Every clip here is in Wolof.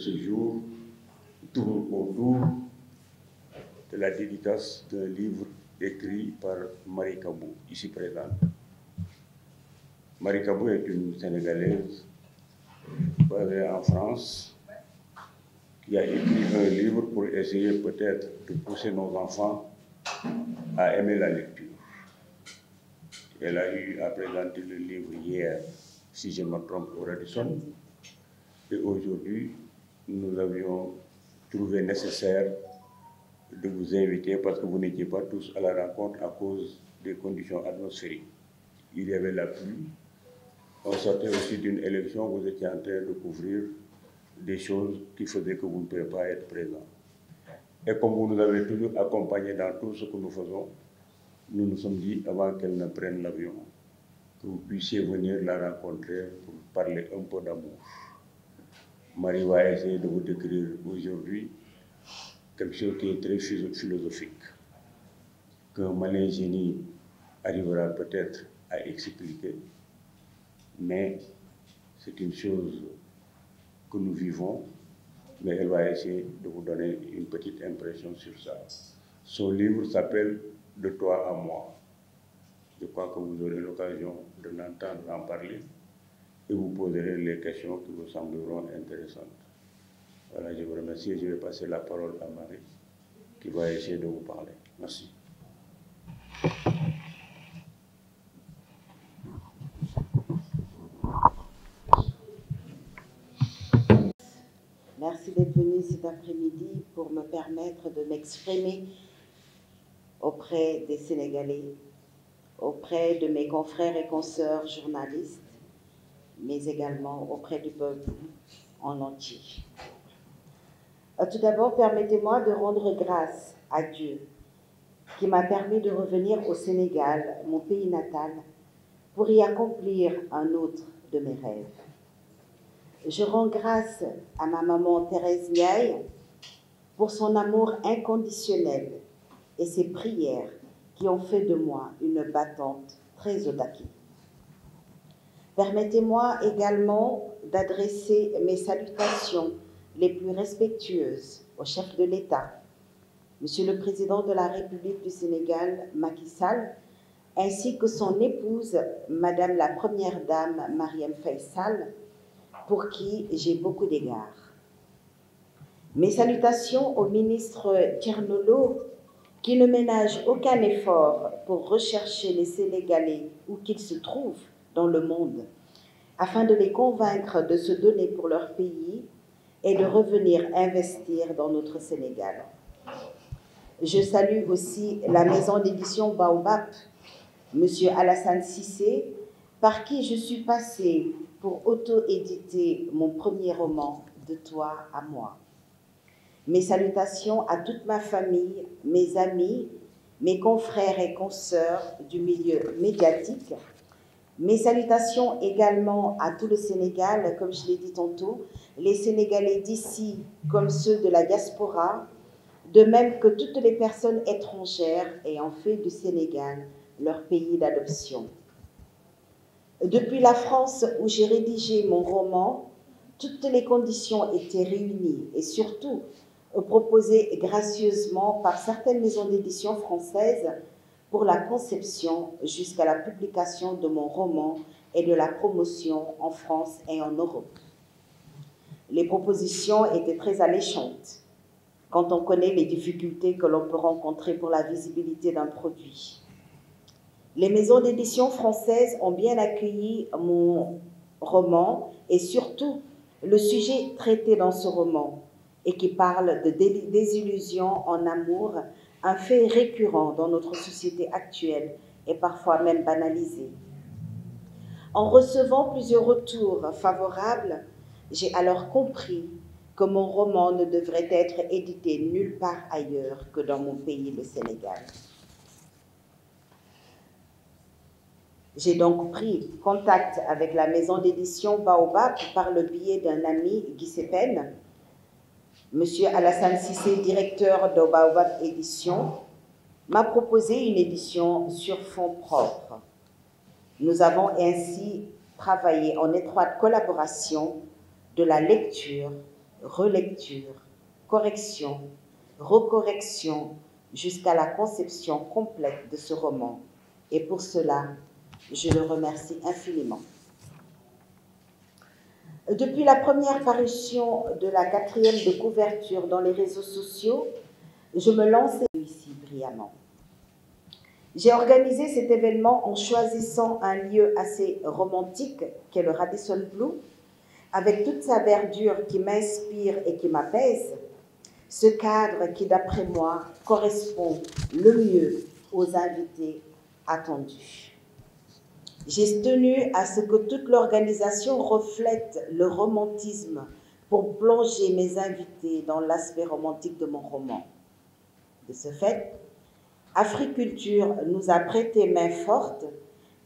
ce jour tourne autour de la dédicace d'un livre écrit par Marie Kabou, ici présente. Marie Kabou est une Sénégalaise basée en France qui a écrit un livre pour essayer peut-être de pousser nos enfants à aimer la lecture. Elle a eu à présenter le livre hier, si je me trompe, au Et aujourd'hui, nous avions trouvé nécessaire de vous inviter parce que vous n'étiez pas tous à la rencontre à cause des conditions atmosphériques. Il y avait la pluie. On aussi d'une élection, vous étiez en train de couvrir des choses qui faisaient que vous ne pouviez pas être présent. Et comme vous nous avez toujours accompagnés dans tout ce que nous faisons, nous nous sommes dit avant qu'elle ne prenne l'avion, que vous puissiez venir la rencontrer pour parler Marie va essayer de vous décrire aujourd'hui quelque chose qui est très philosophique, que Malin Génie arrivera peut-être à expliquer, mais c'est une chose que nous vivons, mais elle va essayer de vous donner une petite impression sur ça. Son livre s'appelle De toi à moi. Je crois que vous aurez l'occasion de l'entendre en parler. et vous poserez les questions qui vous sembleront intéressantes. je vous remercie et je vais passer la parole à Marie qui va essayer de vous parler. pour me permettre de m'exprimer auprès des Sénégalais, auprès de mes confrères et consoeurs journalistes mais également auprès du peuple en entier. Euh, tout d'abord, permettez-moi de rendre grâce à Dieu qui m'a permis de revenir au Sénégal, mon pays natal, pour y accomplir un autre de mes rêves. Je rends grâce à ma maman Thérèse Niaï pour son amour inconditionnel et ses prières qui ont fait de moi une battante Permettez-moi également d'adresser mes salutations les plus respectueuses au chef de l'État, Monsieur le Président de la République du Sénégal, Macky Sall, ainsi que son épouse, Madame la Première Dame, Mariam Faisal, pour qui j'ai beaucoup d'égards. Mes salutations au ministre Tchernolo, qui ne ménage aucun effort pour rechercher les Sénégalais où qu'ils se trouvent dans le monde, afin de les convaincre de se donner pour leur pays et de revenir investir dans notre Sénégal. Je salue aussi la maison d'édition Baobab, M. Alassane Sissé, par qui je suis passée pour auto-éditer mon premier roman De toi à moi. Mes salutations à toute ma famille, mes amis, mes confrères et consoeurs du milieu médiatique Mes salutations également à tout le Sénégal, comme je l'ai dit tantôt, les Sénégalais d'ici comme ceux de la diaspora, de même que toutes les personnes étrangères ayant fait du Sénégal leur pays d'adoption. Depuis la France où j'ai rédigé mon roman, toutes les conditions étaient réunies et surtout proposées gracieusement par certaines maisons d'édition françaises pour la conception jusqu'à la publication de mon roman et de la promotion en France et en Europe. Les propositions étaient très alléchantes quand on connaît les difficultés que l'on peut rencontrer pour la visibilité d'un produit. Les maisons d'édition françaises ont bien accueilli mon roman et surtout le sujet traité dans ce roman et qui parle de désillusion en amour un fait récurrent dans notre société actuelle et parfois même banalisé. En recevant plusieurs retours favorables, j'ai alors compris que mon roman ne devrait être édité nulle part ailleurs que dans mon pays, le Sénégal. J'ai donc pris contact avec la maison d'édition Baobab par le biais d'un ami, Monsieur Alassane Sissé, directeur d'Obaobab Édition, m'a proposé une édition sur fonds propres. Nous avons ainsi travaillé en étroite collaboration de la lecture, relecture, correction, recorrection, jusqu'à la conception complète de ce roman. Et pour cela, je le remercie infiniment. Depuis la première parution de la quatrième de couverture dans les réseaux sociaux, je me lance ici brillamment. J'ai organisé cet événement en choisissant un lieu assez romantique qu'est le Radisson Blue, avec toute sa verdure qui m'inspire et qui m'apaise, ce cadre qui, d'après moi, correspond le mieux aux invités attendus. J'ai tenu à ce que toute l'organisation reflète le romantisme pour plonger mes invités dans l'aspect romantique de mon roman. De ce fait, Africulture nous a prêté main forte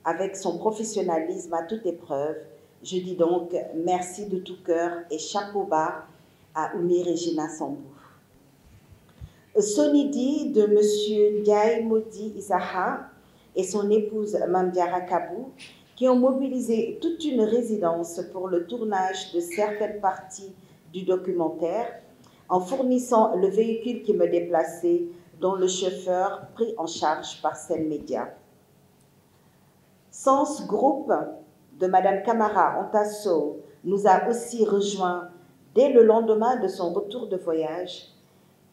avec son professionnalisme à toute épreuve. Je dis donc merci de tout cœur et chapeau à Oumi Regina Sonidi de M. Ndiaye Modi et son épouse Mamdiara Kabou, qui ont mobilisé toute une résidence pour le tournage de certaines parties du documentaire en fournissant le véhicule qui me déplaçait, dont le chauffeur pris en charge par Sen Média. Sens Group de Madame Camara Antasso nous a aussi rejoint dès le lendemain de son retour de voyage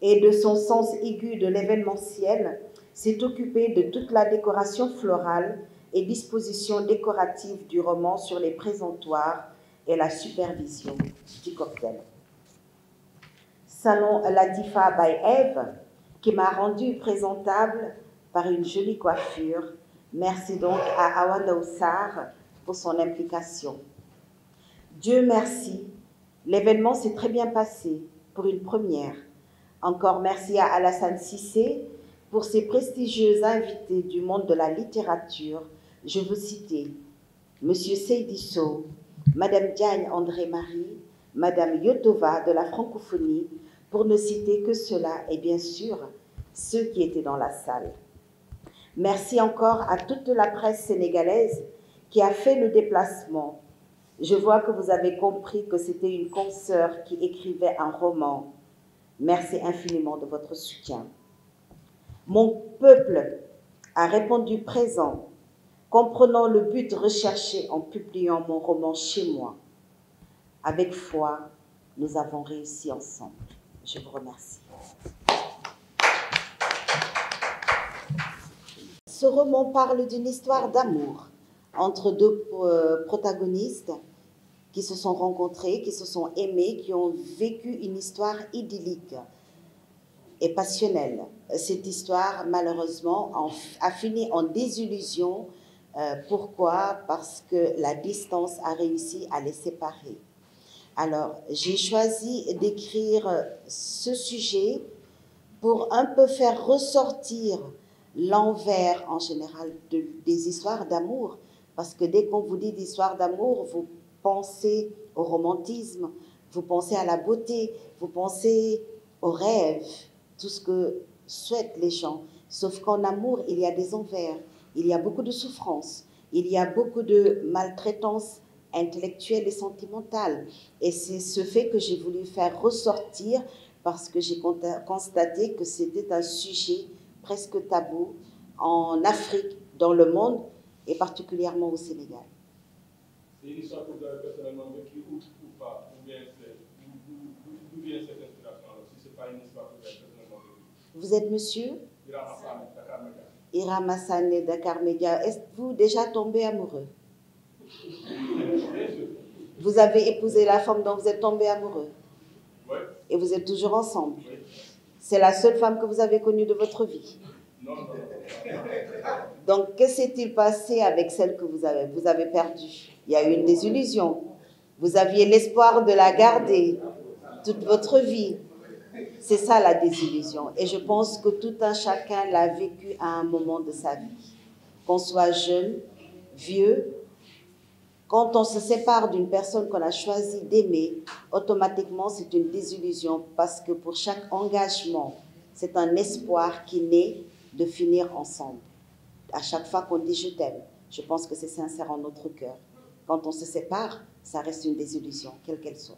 et de son sens aigu de l'événementiel s'est occupé de toute la décoration florale et disposition décorative du roman sur les présentoirs et la supervision du cocktail. Salon Ladifa by Eve, qui m'a rendu présentable par une jolie coiffure. Merci donc à Awana Oussar pour son implication. Dieu merci, l'événement s'est très bien passé pour une première. Encore merci à Alassane Pour ces prestigieux invités du monde de la littérature, je veux citer M. Seydisso, Mme Diagne André-Marie, Mme Yotova de la francophonie, pour ne citer que cela et bien sûr ceux qui étaient dans la salle. Merci encore à toute la presse sénégalaise qui a fait le déplacement. Je vois que vous avez compris que c'était une consoeur qui écrivait un roman. Merci infiniment de votre soutien. Mon peuple a répondu présent, comprenant le but recherché en publiant mon roman chez moi. Avec foi, nous avons réussi ensemble. Je vous remercie. Ce roman parle d'une histoire d'amour entre deux euh, protagonistes qui se sont rencontrés, qui se sont aimés, qui ont vécu une histoire idyllique et passionnelle. cette histoire, malheureusement, en, a fini en désillusion. Euh, pourquoi Parce que la distance a réussi à les séparer. Alors, j'ai choisi d'écrire ce sujet pour un peu faire ressortir l'envers en général de, des histoires d'amour. Parce que dès qu'on vous dit d'histoire d'amour, vous pensez au romantisme, vous pensez à la beauté, vous pensez aux rêves, tout ce que souhaitent les gens. Sauf qu'en amour, il y a des envers, il y a beaucoup de souffrances, il y a beaucoup de maltraitance intellectuelle et sentimentale. Et c'est ce fait que j'ai voulu faire ressortir parce que j'ai constaté que c'était un sujet presque tabou en Afrique, dans le monde et particulièrement au Sénégal. Vous êtes monsieur Iram Hassané, Êtes-vous déjà tombé amoureux Vous avez épousé la femme dont vous êtes tombé amoureux Et vous êtes toujours ensemble C'est la seule femme que vous avez connue de votre vie Donc, que s'est-il passé avec celle que vous avez Vous Il y a une désillusion. Vous aviez l'espoir de la garder toute votre vie. C'est ça la désillusion. Et je pense que tout un chacun l'a vécu à un moment de sa vie. Qu'on soit jeune, vieux, quand on se sépare d'une personne qu'on a choisi d'aimer, automatiquement c'est une désillusion parce que pour chaque engagement, c'est un espoir qui naît de finir ensemble. À chaque fois qu'on dit je t'aime, je pense que c'est sincère en notre cœur. Quand on se sépare, ça reste une désillusion, quelle qu'elle soit.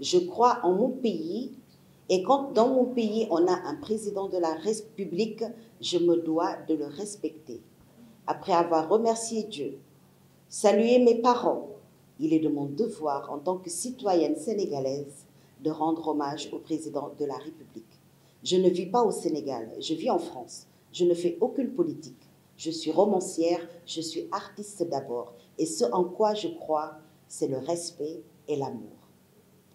je crois en mon pays et quand dans mon pays on a un président de la République, je me dois de le respecter. Après avoir remercié Dieu, salué mes parents, il est de mon devoir en tant que citoyenne sénégalaise de rendre hommage au président de la République. Je ne vis pas au Sénégal, je vis en France. Je ne fais aucune politique. Je suis romancière, je suis artiste d'abord. Et ce en quoi je crois, c'est le respect et l'amour.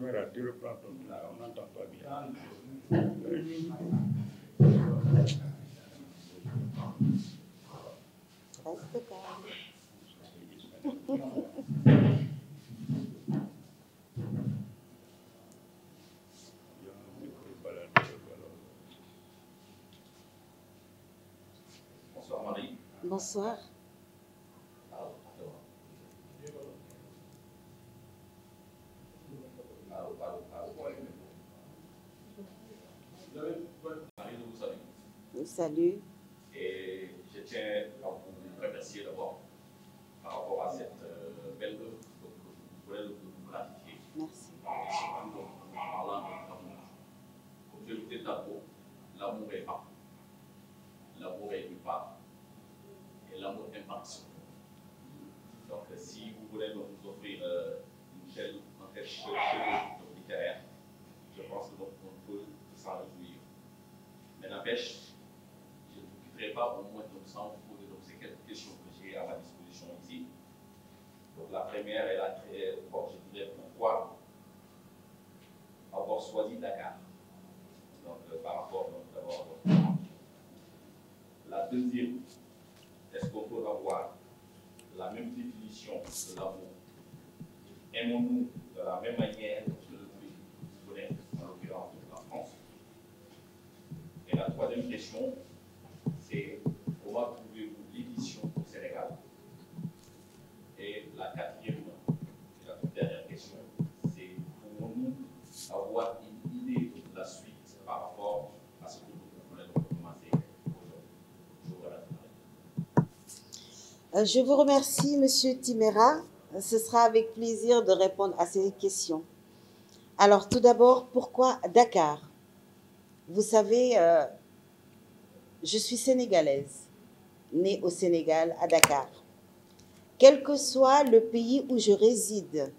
tu verras, tu reprends ton temps, on n'entend pas bien. Bonsoir. salue. Et je tiens à vous remercier d'abord par rapport à cette deuxième, est-ce qu'on peut avoir la même définition de l'amour Aimons-nous de la même manière que le pays connaît, en l'occurrence la France Et la troisième question, c'est comment trouvez-vous l'édition au Sénégal Et la quatrième et la toute dernière question, c'est pouvons-nous avoir Euh, je vous remercie, Monsieur Timera. Ce sera avec plaisir de répondre à ces questions. Alors, tout d'abord, pourquoi Dakar Vous savez, euh, je suis sénégalaise, née au Sénégal, à Dakar. Quel que soit le pays où je réside,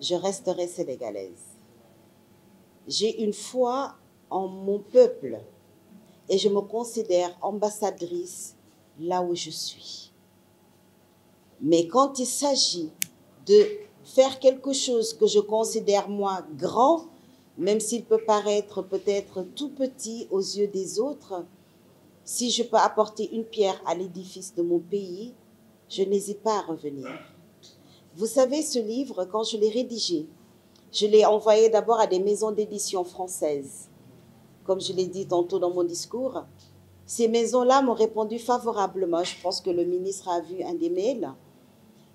je resterai sénégalaise. J'ai une fois en mon peuple et je me considère ambassadrice là où je suis. Mais quand il s'agit de faire quelque chose que je considère moi grand, même s'il peut paraître peut-être tout petit aux yeux des autres, si je peux apporter une pierre à l'édifice de mon pays, je n'hésite pas à revenir. Vous savez, ce livre, quand je l'ai rédigé, je l'ai envoyé d'abord à des maisons d'édition françaises. Comme je l'ai dit tantôt dans mon discours, Ces maisons-là m'ont répondu favorablement. Je pense que le ministre a vu un des mails.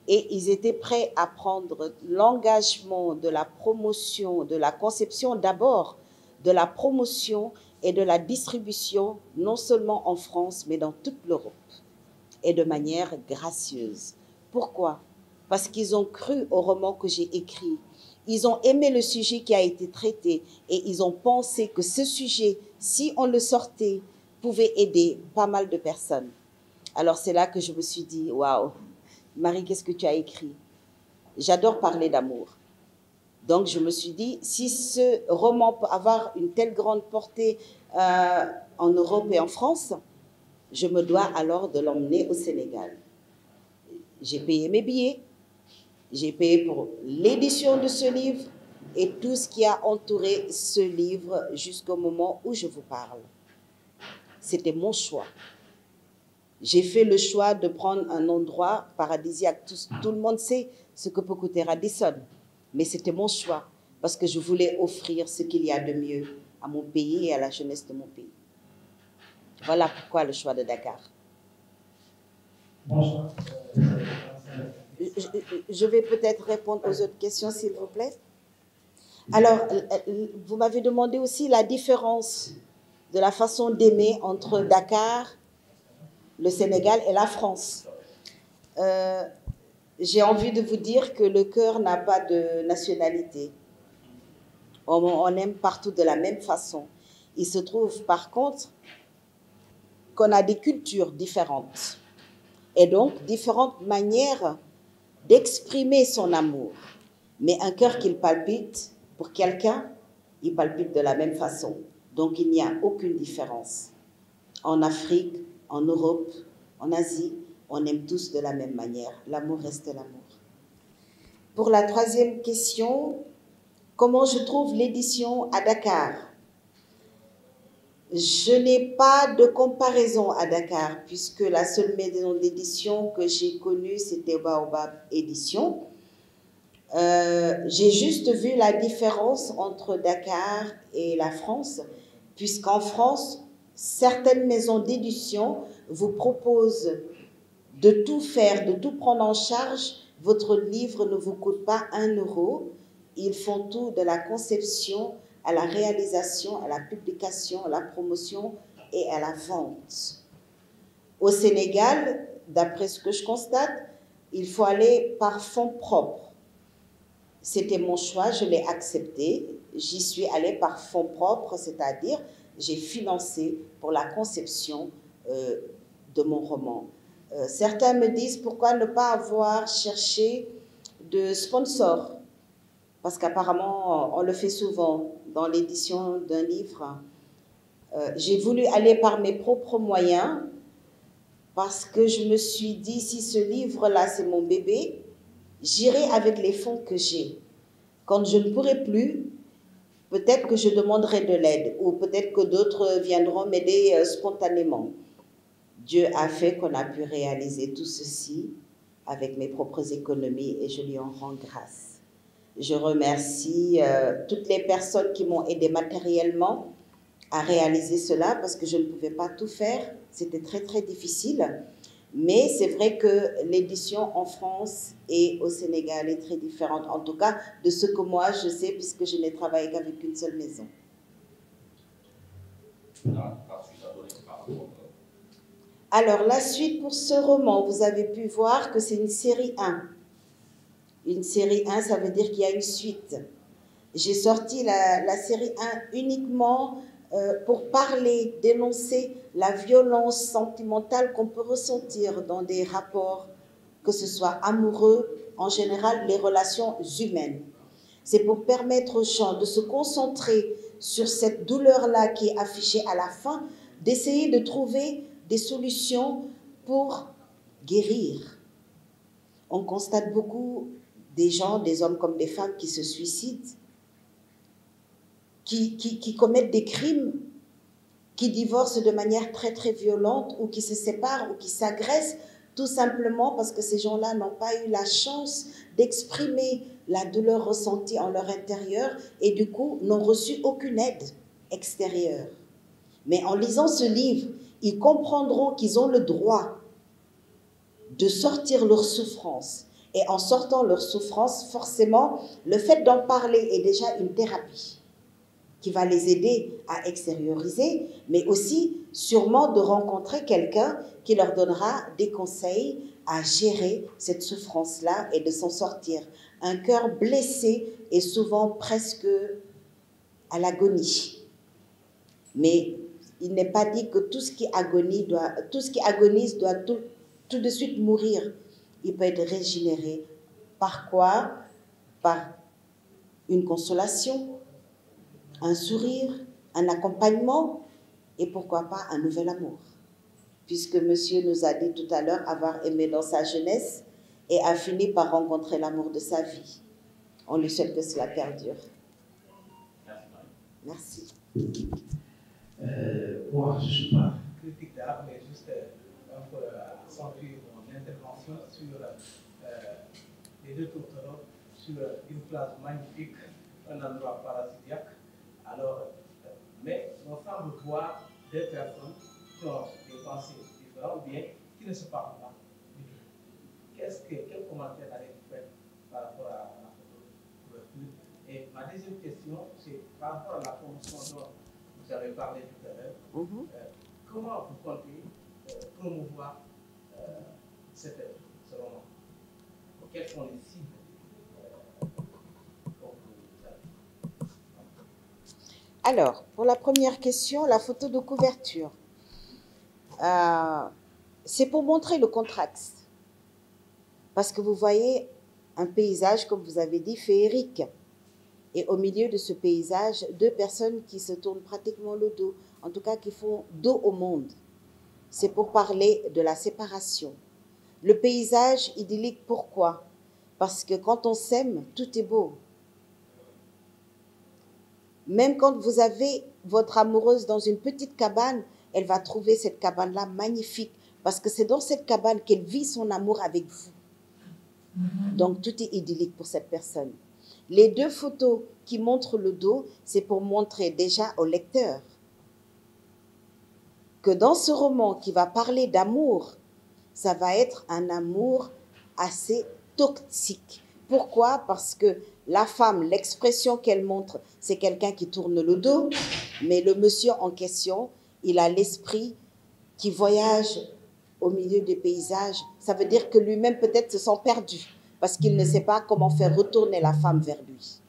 Et ils étaient prêts à prendre l'engagement de la promotion, de la conception d'abord, de la promotion et de la distribution, non seulement en France, mais dans toute l'Europe, et de manière gracieuse. Pourquoi Parce qu'ils ont cru au roman que j'ai écrit. Ils ont aimé le sujet qui a été traité et ils ont pensé que ce sujet, si on le sortait, pouvait aider pas mal de personnes. Alors c'est là que je me suis dit, waouh, Marie, qu'est-ce que tu as écrit J'adore parler d'amour. Donc je me suis dit, si ce roman peut avoir une telle grande portée euh, en Europe et en France, je me dois alors de l'emmener au Sénégal. J'ai payé mes billets, j'ai payé pour l'édition de ce livre et tout ce qui a entouré ce livre jusqu'au moment où je vous parle. C'était mon choix. J'ai fait le choix de prendre un endroit paradisiaque. Tout, tout le monde sait ce que peut coûter Radisson. Mais c'était mon choix parce que je voulais offrir ce qu'il y a de mieux à mon pays et à la jeunesse de mon pays. Voilà pourquoi le choix de Dakar. Bonsoir. Je, je vais peut-être répondre aux autres questions, s'il vous plaît. Alors, euh, euh, vous m'avez demandé aussi la différence de la façon d'aimer entre mm-hmm. Dakar, le Sénégal et la France. Euh, J'ai envie de vous dire que le cœur n'a pas de nationalité. On, on, aime partout de la même façon. Il se trouve par contre qu'on a des cultures différentes et donc différentes manières d'exprimer son amour. Mais un cœur qu'il palpite pour quelqu'un, il palpite de la même façon. Donc il n'y a aucune différence. En Afrique, en Europe, en Asie, on aime tous de la même manière. L'amour reste l'amour. Pour la troisième question, comment je trouve l'édition à Dakar Je n'ai pas de comparaison à Dakar, puisque la seule maison d'édition que j'ai connue, c'était Baobab Édition. Euh, j'ai juste vu la différence entre Dakar et la France. puisqu'en France, certaines maisons d'édition vous proposent de tout faire, de tout prendre en charge. Votre livre ne vous coûte pas un euro. Ils font tout de la conception à la réalisation, à la publication, à la promotion et à la vente. Au Sénégal, d'après ce que je constate, il faut aller par fonds propres. C'était mon choix, je l'ai accepté. J'y suis allée par fonds propres, c'est-à-dire j'ai financé pour la conception euh, de mon roman. Euh, certains me disent pourquoi ne pas avoir cherché de sponsor parce qu'apparemment on le fait souvent dans l'édition d'un livre. Euh, j'ai voulu aller par mes propres moyens parce que je me suis dit si ce livre-là c'est mon bébé, j'irai avec les fonds que j'ai. Quand je ne pourrai plus, peut-être que je demanderai de l'aide ou peut-être que d'autres viendront m'aider euh, spontanément. Dieu a fait qu'on a pu réaliser tout ceci avec mes propres économies et je lui en rends grâce. Je remercie euh, toutes les personnes qui m'ont aidé matériellement à réaliser cela parce que je ne pouvais pas tout faire. C'était très très difficile. Mais c'est vrai que l'édition en France et au Sénégal est très différente, en tout cas de ce que moi je sais, puisque je n'ai travaillé qu'avec une seule maison. Alors, la suite pour ce roman, vous avez pu voir que c'est une série 1. Une série 1, ça veut dire qu'il y a une suite. J'ai sorti la, la série 1 uniquement euh, pour parler, dénoncer la violence sentimentale qu'on peut ressentir dans des rapports, que ce soit amoureux, en général les relations humaines. C'est pour permettre aux gens de se concentrer sur cette douleur-là qui est affichée à la fin, d'essayer de trouver des solutions pour guérir. On constate beaucoup des gens, des hommes comme des femmes qui se suicident qui, qui, qui, commettent des crimes, qui divorcent de manière très très violente ou qui se séparent ou qui s'agressent tout simplement parce que ces gens-là n'ont pas eu la chance d'exprimer la douleur ressentie en leur intérieur et du coup n'ont reçu aucune aide extérieure. Mais en lisant ce livre, ils comprendront qu'ils ont le droit de sortir leur souffrance. Et en sortant leur souffrance, forcément, le fait d'en parler est déjà une thérapie. qui va les aider à extérioriser, mais aussi sûrement de rencontrer quelqu'un qui leur donnera des conseils à gérer cette souffrance-là et de s'en sortir. Un cœur blessé est souvent presque à l'agonie. Mais il n'est pas dit que tout ce qui agonise doit tout, ce qui agonise doit tout, tout de suite mourir. Il peut être régénéré. Par quoi Par une consolation, un sourire, un accompagnement et pourquoi pas un nouvel amour. Puisque monsieur nous a dit tout à l'heure avoir aimé dans sa jeunesse et a fini par rencontrer l'amour de sa vie. On lui souhaite que cela perdure. Merci. Euh, moi, je suis pas critique d'art, mais juste euh, un peu euh, accentuer mon intervention sur euh, les deux tourtereaux, sur euh, une place magnifique, un endroit paradisiaque. Alors, euh, mais on semble voir deux personnes qui ont des pensées différentes bien qui ne se parlent pas du tout. Qu'est-ce que, quel commentaire allez-vous faire par rapport à la photo ma deuxième question, c'est par rapport à la promotion dont vous avez parlé tout à l'heure. Mm -hmm. comment vous comptez euh, promouvoir euh, cette œuvre, selon Alors, pour la première question, la photo de couverture. Euh, c'est pour montrer le contraste. Parce que vous voyez un paysage, comme vous avez dit, féerique. Et au milieu de ce paysage, deux personnes qui se tournent pratiquement le dos, en tout cas qui font dos au monde. C'est pour parler de la séparation. Le paysage idyllique, pourquoi Parce que quand on s'aime, tout est beau. Même quand vous avez votre amoureuse dans une petite cabane, elle va trouver cette cabane-là magnifique parce que c'est dans cette cabane qu'elle vit son amour avec vous. Mm-hmm. Donc tout est idyllique pour cette personne. Les deux photos qui montrent le dos, c'est pour montrer déjà au lecteur que dans ce roman qui va parler d'amour, ça va être un amour assez toxique. Pourquoi Parce que La femme, l'expression qu'elle montre, c'est quelqu'un qui tourne le dos, mais le monsieur en question, il a l'esprit qui voyage au milieu des paysages. Ça veut dire que lui-même peut-être se sent perdu parce qu'il ne sait pas comment faire retourner la femme vers lui.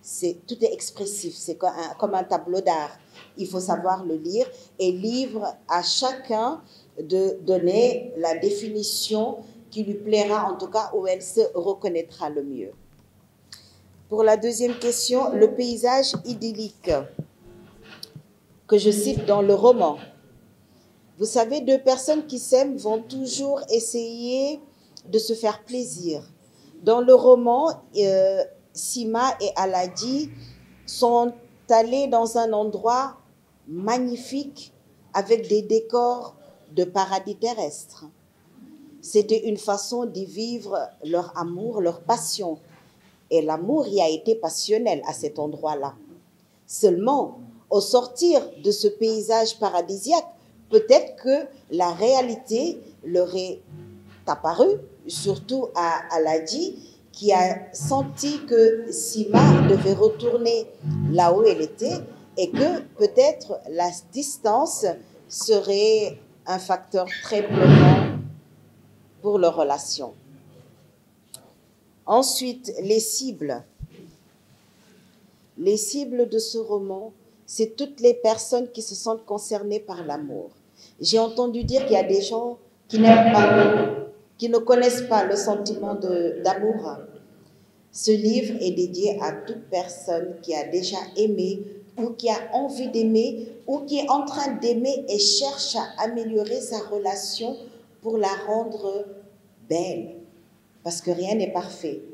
C'est tout est expressif, c'est comme, comme un, tableau d'art. Il faut savoir le lire et livre à chacun de donner la définition qui lui plaira, en tout cas où elle se reconnaîtra le mieux. Pour la deuxième question, le paysage idyllique que je cite dans le roman. Vous savez, deux personnes qui s'aiment vont toujours essayer de se faire plaisir. Dans le roman, euh, Sima et Aladi sont allés dans un endroit magnifique avec des décors de paradis terrestre. C'était une façon d'y vivre leur amour, leur passion. et l'amour y a été passionnel à cet endroit-là. Seulement, au sortir de ce paysage paradisiaque, peut-être que la réalité leur est apparue, surtout à Aladi, qui a senti que Sima devait retourner là où elle était et que peut-être la distance serait un facteur très bloquant pour leur relation. Ensuite, les cibles. Les de ce roman, c'est toutes les personnes qui se sentent concernées par l'amour. J'ai entendu dire qu'il y a des gens qui n'aiment pas, qui ne connaissent pas le sentiment d'amour. Ce livre est dédié à toute personne qui a déjà aimé ou qui a envie d'aimer ou qui est en train d'aimer et cherche à améliorer sa relation pour la rendre belle, parce que rien n'est parfait.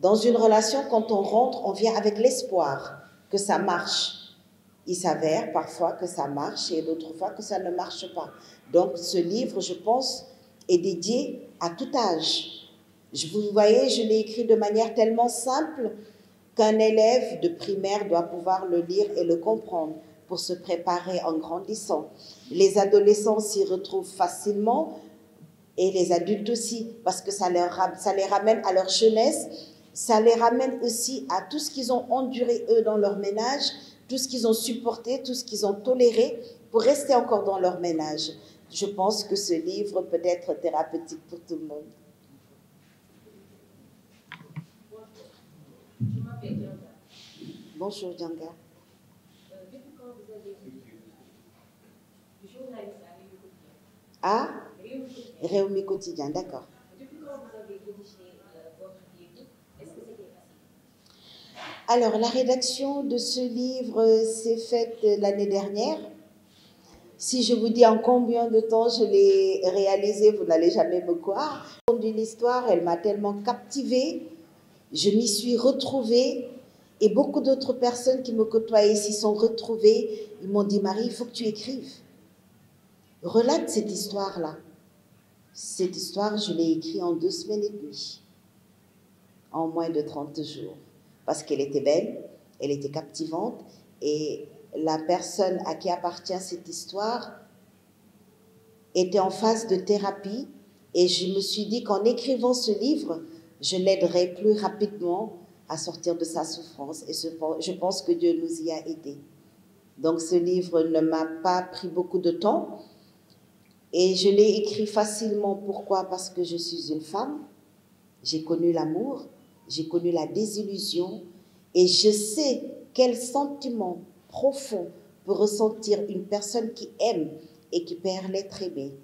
Dans une relation, quand on rentre, on vient avec l'espoir que ça marche. Il s'avère parfois que ça marche et d'autres fois que ça ne marche pas. Donc ce livre, je pense, est dédié à tout âge. Je vous voyez, je l'ai écrit de manière tellement simple qu'un élève de primaire doit pouvoir le lire et le comprendre pour se préparer en grandissant. Les adolescents s'y retrouvent facilement et les adultes aussi, parce que ça, leur, ça les ramène à leur jeunesse, ça les ramène aussi à tout ce qu'ils ont enduré eux dans leur ménage, tout ce qu'ils ont supporté, tout ce qu'ils ont toléré pour rester encore dans leur ménage. Je pense que ce livre peut être thérapeutique pour tout le monde. réew mi d'accord la rédaction de ce livre s'est faite l'année dernière si je vous dis en combien de temps je l'ai réalisé, vous n'allez jamais me croire. L'histoire, elle m'a tellement captivée, je m'y suis retrouvée et beaucoup d'autres personnes qui me côtoyaient s'y sont retrouvées. Ils m'ont dit, Marie, il faut que tu écrives. Relate cette histoire-là. Cette histoire, je l'ai écrite en deux semaines et demie, en moins de 30 jours, parce qu'elle était belle, elle était captivante, et la personne à qui appartient cette histoire était en phase de thérapie, et je me suis dit qu'en écrivant ce livre, je l'aiderai plus rapidement à sortir de sa souffrance, et je pense que Dieu nous y a aidés. Donc ce livre ne m'a pas pris beaucoup de temps, Et je l'ai écrit facilement. Pourquoi Parce que je suis une femme. J'ai connu l'amour, j'ai connu la désillusion et je sais quel sentiment profond peut ressentir une personne qui aime et qui perd l'être aimé.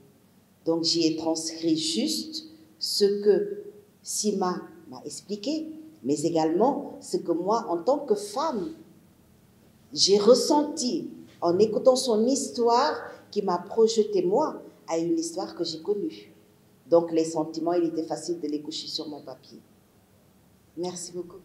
Donc j'y ai transcrit juste ce que Sima m'a expliqué, mais également ce que moi, en tant que femme, j'ai ressenti en écoutant son histoire qui m'a projeté moi à une histoire que j'ai connue. Donc les sentiments, il était facile de les coucher sur mon papier. Merci beaucoup.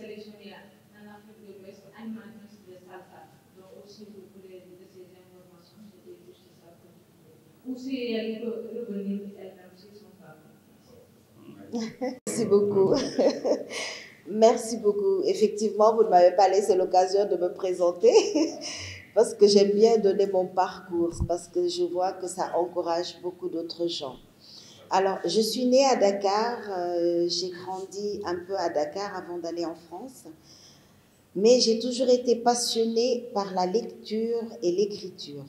c'est les géniales de l'Ouest, animatrice de salsa. Donc de ces Merci beaucoup. Effectivement, vous ne m'avez pas laissé l'occasion de me présenter parce que j'aime bien donner mon parcours, parce que je vois que ça encourage beaucoup d'autres gens. Alors, je suis née à Dakar, euh, j'ai grandi un peu à Dakar avant d'aller en France, mais j'ai toujours été passionnée par la lecture et l'écriture.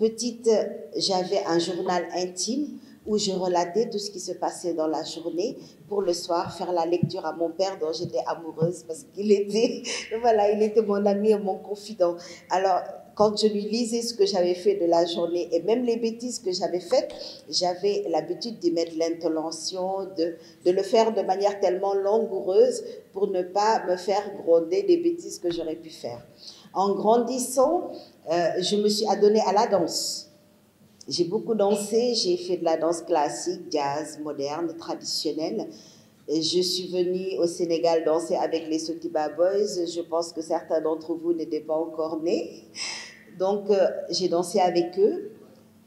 Petite, j'avais un journal intime où je relatais tout ce qui se passait dans la journée pour le soir faire la lecture à mon père dont j'étais amoureuse parce qu'il était voilà il était mon ami et mon confident alors quand je lui lisais ce que j'avais fait de la journée et même les bêtises que j'avais faites, j'avais l'habitude d'y mettre l'intention, de, de le faire de manière tellement langoureuse pour ne pas me faire gronder des bêtises que j'aurais pu faire. En grandissant, euh, je me suis adonnée à la danse. J'ai beaucoup dansé, j'ai fait de la danse classique, jazz, moderne, traditionnelle. Je suis venue au Sénégal danser avec les Sotiba Boys. Je pense que certains d'entre vous n'étaient pas encore nés. Donc, euh, j'ai dansé avec eux.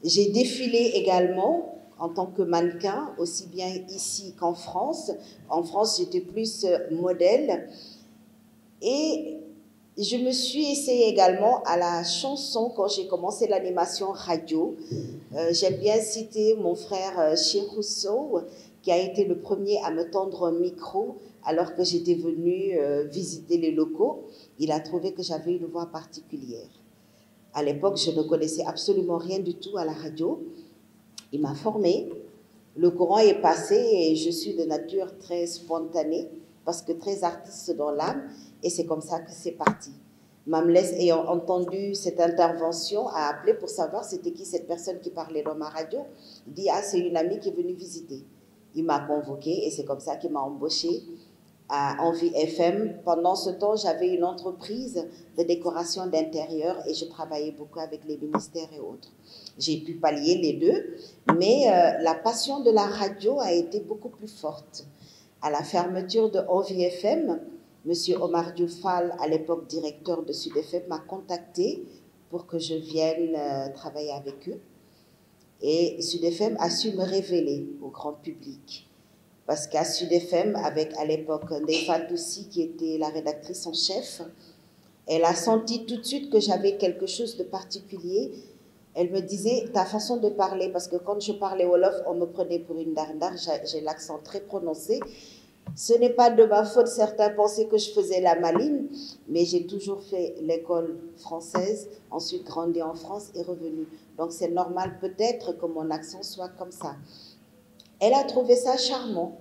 J'ai défilé également en tant que mannequin, aussi bien ici qu'en France. En France, j'étais plus euh, modèle. Et je me suis essayée également à la chanson quand j'ai commencé l'animation radio. Euh, J'aime bien citer mon frère euh, Chez Rousseau qui a été le premier à me tendre un micro alors que j'étais venue euh, visiter les locaux. Il a trouvé que j'avais une voix particulière. À l'époque, je ne connaissais absolument rien du tout à la radio. Il m'a formée. Le courant est passé et je suis de nature très spontanée parce que très artiste dans l'âme et c'est comme ça que c'est parti. Mamles ayant entendu cette intervention a appelé pour savoir c'était qui cette personne qui parlait dans ma radio, dit ah c'est une amie qui est venue visiter. Il m'a convoqué et c'est comme ça qu'il m'a embauché à Envie FM. Pendant ce temps, j'avais une entreprise de décoration d'intérieur et je travaillais beaucoup avec les ministères et autres. J'ai pu pallier les deux, mais euh, la passion de la radio a été beaucoup plus forte. À la fermeture de Envie FM, Monsieur Omar Dufal, à l'époque directeur de Sud FM, m'a contacté pour que je vienne euh, travailler avec eux. Et Sud FM a su me révéler au grand public. Parce qu'à Sud FM, avec à l'époque Ndefa Toussi, qui était la rédactrice en chef, elle a senti tout de suite que j'avais quelque chose de particulier. Elle me disait ta façon de parler, parce que quand je parlais Wolof, on me prenait pour une dardar, j'ai l'accent très prononcé. Ce n'est pas de ma faute, certains pensaient que je faisais la maline, mais j'ai toujours fait l'école française, ensuite grandi en France et revenu. Donc c'est normal peut-être que mon accent soit comme ça. Elle a trouvé ça charmant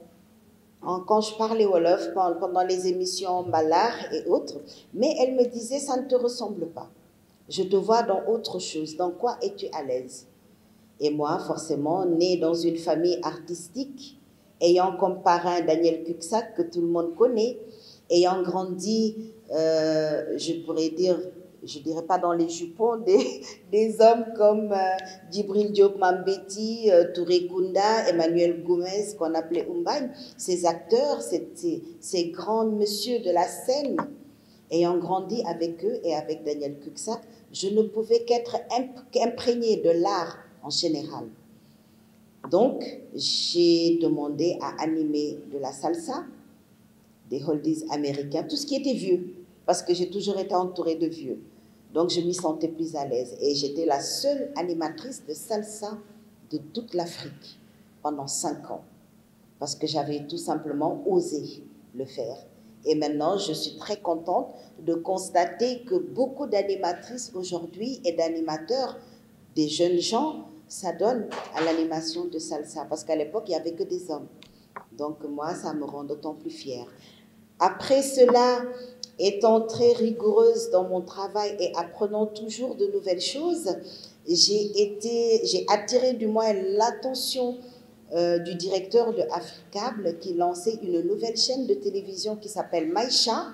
quand je parlais Wolof pendant les émissions Malar et autres, mais elle me disait ça ne te ressemble pas. Je te vois dans autre chose. Dans quoi es-tu à l'aise Et moi, forcément, née dans une famille artistique, ayant comme parrain Daniel Cuxac que tout le monde connaît, ayant grandi, euh, je pourrais dire je dirais pas dans les jupons des, des hommes comme euh, Djibril Diop Mambeti, euh, Touré Kunda, Emmanuel Gomez, qu'on appelait Umbagne. Ces acteurs, ces, ces, ces grands messieurs de la scène, ayant grandi avec eux et avec Daniel Cuxac, je ne pouvais qu'être imprégnée de l'art en général. Donc, j'ai demandé à animer de la salsa, des oldies américains, tout ce qui était vieux, parce que j'ai toujours été entourée de vieux. Donc je m'y sentais plus à l'aise et j'étais la seule animatrice de salsa de toute l'Afrique pendant cinq ans parce que j'avais tout simplement osé le faire. Et maintenant, je suis très contente de constater que beaucoup d'animatrices aujourd'hui et d'animateurs, des jeunes gens, s'adonnent à l'animation de salsa parce qu'à l'époque, il n'y avait que des hommes. Donc moi, ça me rend d'autant plus fière. Après cela, Étant très rigoureuse dans mon travail et apprenant toujours de nouvelles choses, j'ai été, j'ai attiré du moins l'attention euh, du directeur de Africable qui lançait une nouvelle chaîne de télévision qui s'appelle Maïcha,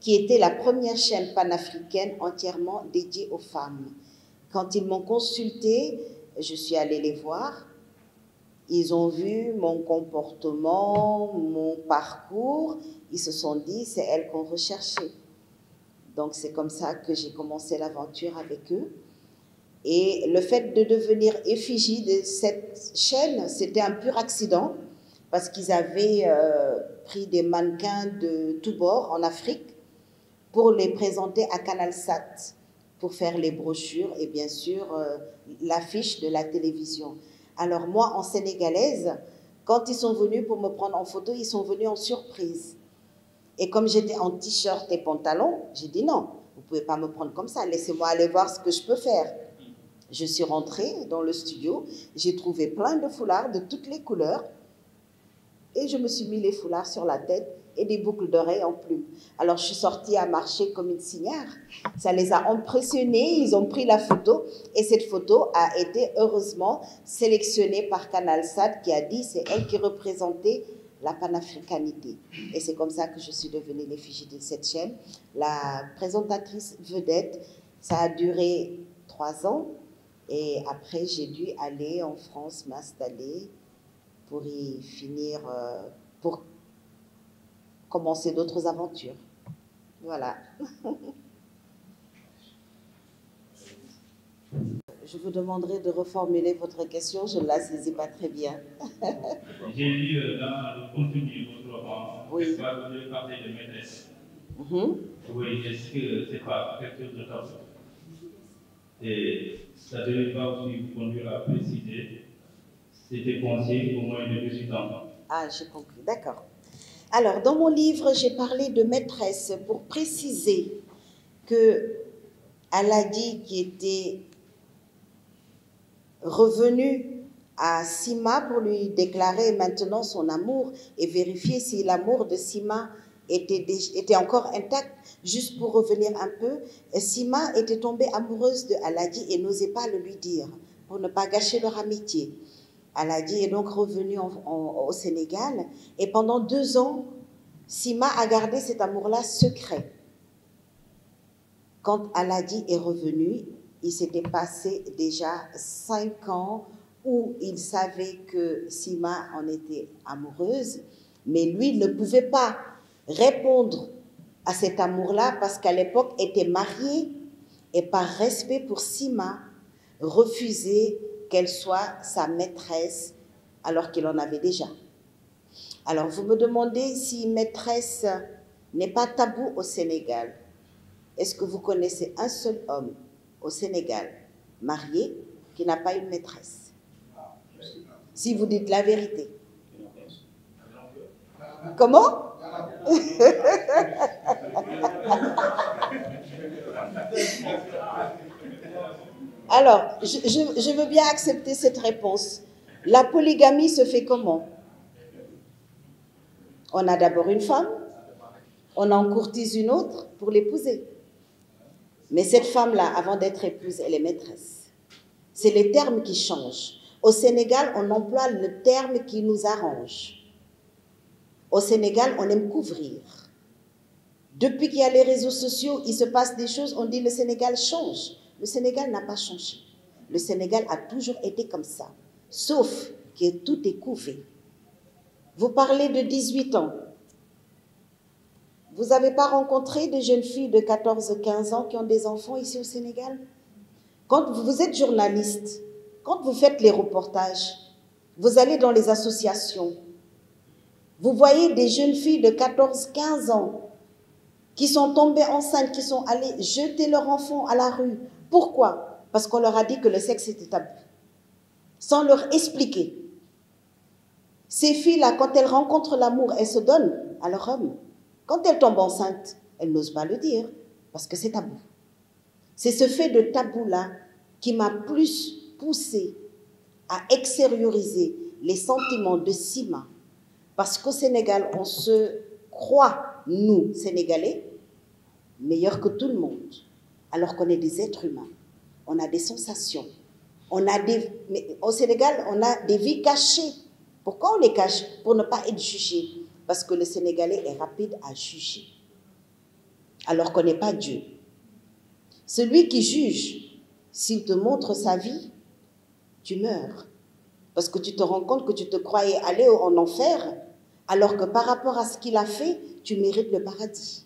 qui était la première chaîne panafricaine entièrement dédiée aux femmes. Quand ils m'ont consultée, je suis allée les voir Ils ont vu mon comportement, mon parcours. Ils se sont dit, c'est elle qu'on recherchait. Donc c'est comme ça que j'ai commencé l'aventure avec eux. Et le fait de devenir effigie de cette chaîne, c'était un pur accident parce qu'ils avaient euh, pris des mannequins de tous bords en Afrique pour les présenter à CanalSat pour faire les brochures et bien sûr euh, l'affiche de la télévision. Alors moi, en sénégalaise, quand ils sont venus pour me prendre en photo, ils sont venus en surprise. Et comme j'étais en t-shirt et pantalon, j'ai dit non, vous pouvez pas me prendre comme ça, laissez-moi aller voir ce que je peux faire. Je suis rentrée dans le studio, j'ai trouvé plein de foulards de toutes les couleurs et je me suis mis les foulards sur la tête et des boucles d'oreilles en plumes. Alors je suis sortie à marcher comme une signare. Ça les a impressionnés, ils ont pris la photo et cette photo a été heureusement sélectionnée par Canal Sad qui a dit c'est elle qui représentait la panafricanité. Et c'est comme ça que je suis devenue l'effigie de cette chaîne, la présentatrice vedette. Ça a duré trois ans et après j'ai dû aller en France m'installer pour y finir, euh, pour commencer d'autres aventures. Voilà. Je vous demanderai de reformuler votre question, je ne la saisis pas très bien. J'ai lu euh, le contenu votre roman, oui. vous mhm. que c'est pas quelque chose de Et ça devait pas aussi vous conduire à préciser C'était conseillé au moins de 18 ans. d'accord. dans mon livre, j'ai parlé de maîtresse pour préciser que qui était revenu à Sima pour lui déclarer son amour et vérifier si l'amour de Sima était, encore intact, juste pour revenir un peu, Sima était tombée amoureuse de et n'osait pas le lui dire pour ne pas gâcher leur amitié. Aladi est donc revenu en, en, au Sénégal et pendant deux ans, Sima a gardé cet amour-là secret. Quand Aladi est revenu, il s'était passé déjà cinq ans où il savait que Sima en était amoureuse, mais lui ne pouvait pas répondre à cet amour-là parce qu'à l'époque était marié et par respect pour Sima refusait qu'elle soit sa maîtresse alors qu'il en avait déjà. Alors vous me demandez si maîtresse n'est pas tabou au Sénégal. Est-ce que vous connaissez un seul homme au Sénégal marié qui n'a pas une maîtresse Si vous dites la vérité. Comment Alors, je, je, je, veux bien accepter cette réponse. La polygamie se fait comment On a d'abord une femme, on en courtise une autre pour l'épouser. Mais cette femme-là, avant d'être épouse, elle est maîtresse. C'est les termes qui changent. Au Sénégal, on emploie le terme qui nous arrange. Au Sénégal, on aime couvrir. Depuis qu'il y a les réseaux sociaux, il se passe des choses, on dit le Sénégal change. Le Sénégal n'a pas changé. Le Sénégal a toujours été comme ça, sauf que tout est couvé. Vous parlez de 18 ans. Vous n'avez pas rencontré des jeunes filles de 14-15 ans qui ont des enfants ici au Sénégal Quand vous êtes journaliste, quand vous faites les reportages, vous allez dans les associations, vous voyez des jeunes filles de 14-15 ans qui sont tombées enceintes, qui sont allées jeter leur enfant à la rue Pourquoi Parce qu'on leur a dit que le sexe était tabou. Sans leur expliquer. Ces filles-là, quand elles rencontrent l'amour, elles se donnent à leur homme. Quand elles tombent enceintes, elles n'osent pas le dire parce que c'est tabou. C'est ce fait de tabou qui m'a plus poussée à extérioriser les sentiments de Sima. Parce qu'au Sénégal, on se croit, nous, Sénégalais, meilleurs que tout le monde. alors qu'on est des êtres humains. On a des sensations. au Sénégal, on a des vies cachées. Pourquoi on les cache Pour ne pas être jugé. Parce que le Sénégalais est rapide à juger. Alors qu'on n'est pas Dieu. Celui qui juge, s'il te montre sa vie, tu meurs. Parce que tu te rends compte que tu te croyais aller en enfer, alors que par rapport à ce qu'il a fait, tu mérites le paradis.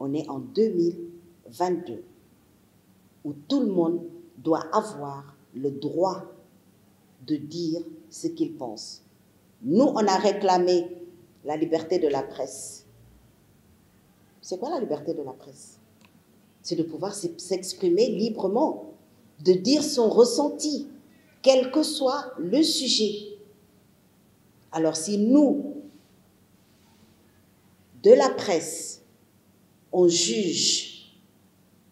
on est en 2022, où tout le monde doit avoir le droit de dire ce qu'il pense. Nous, on a réclamé la liberté de la presse. C'est quoi la liberté de la presse C'est de pouvoir s'exprimer librement, de dire son ressenti, quel que soit le sujet. Alors si nous, de la presse, on juge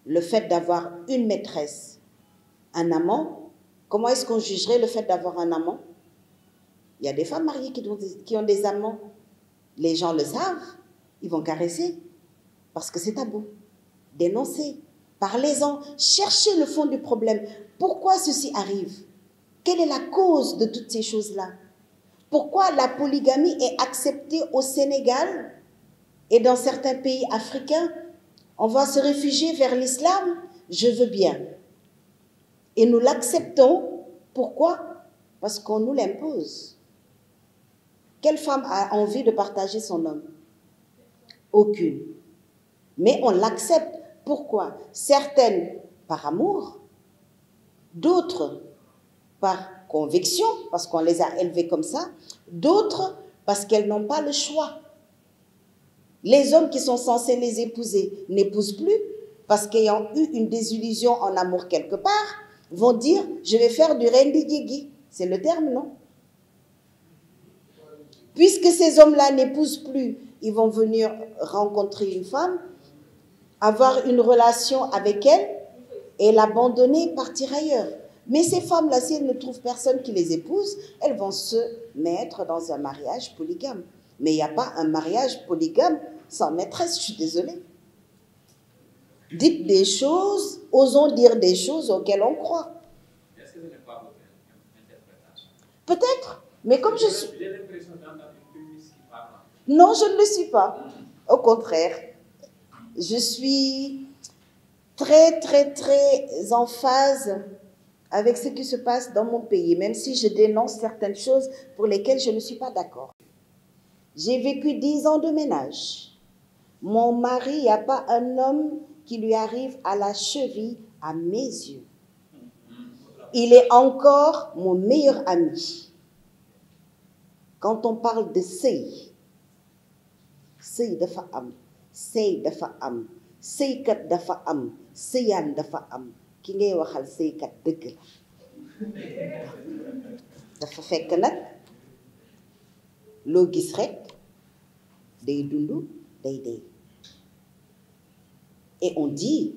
le fait d'avoir une maîtresse, un amant, comment est-ce qu'on jugerait le fait d'avoir un amant Il y a des femmes mariées qui ont des, qui ont des amants. Les gens le savent, ils vont caresser, parce que c'est tabou. Dénoncez, parlez-en, cherchez le fond du problème. Pourquoi ceci arrive Quelle est la cause de toutes ces choses-là Pourquoi la polygamie est acceptée au Sénégal et dans certains pays africains, on va se réfugier vers l'islam, je veux bien. Et nous l'acceptons. Pourquoi Parce qu'on nous l'impose. Quelle femme a envie de partager son homme Aucune. Mais on l'accepte. Pourquoi Certaines par amour, d'autres par conviction, parce qu'on les a élevées comme ça, d'autres parce qu'elles n'ont pas le choix. Les hommes qui sont censés les épouser n'épousent plus parce qu'ayant eu une désillusion en amour quelque part, vont dire je vais faire du rendiguigui. C'est le terme, non Puisque ces hommes-là n'épousent plus, ils vont venir rencontrer une femme, avoir une relation avec elle et l'abandonner, partir ailleurs. Mais ces femmes-là, si elles ne trouvent personne qui les épouse, elles vont se mettre dans un mariage polygame. Mais il n'y a pas un mariage polygame sans maîtresse, je suis désolée. Dites des choses, osons dire des choses auxquelles on croit. Est-ce que ce n'est pas interprétation Peut-être, mais comme je suis... J'ai l'impression d'entendre une qui parle. Non, je ne le suis pas. Au contraire, je suis très, très, très en phase avec ce qui se passe dans mon pays, même si je dénonce certaines choses pour lesquelles je ne suis pas d'accord. J'ai vécu dix ans de ménage. Mon mari, il n'y pas un homme qui lui arrive à la cheville à mes yeux. Il est encore mon meilleur ami. Quand on parle de sëy sëy dafa am sëy dafa am sëykat dafa am sëyaan dafa am ki ngay waxal sëykat dëgg fekk nag loo gis rek day dund day dee et on dit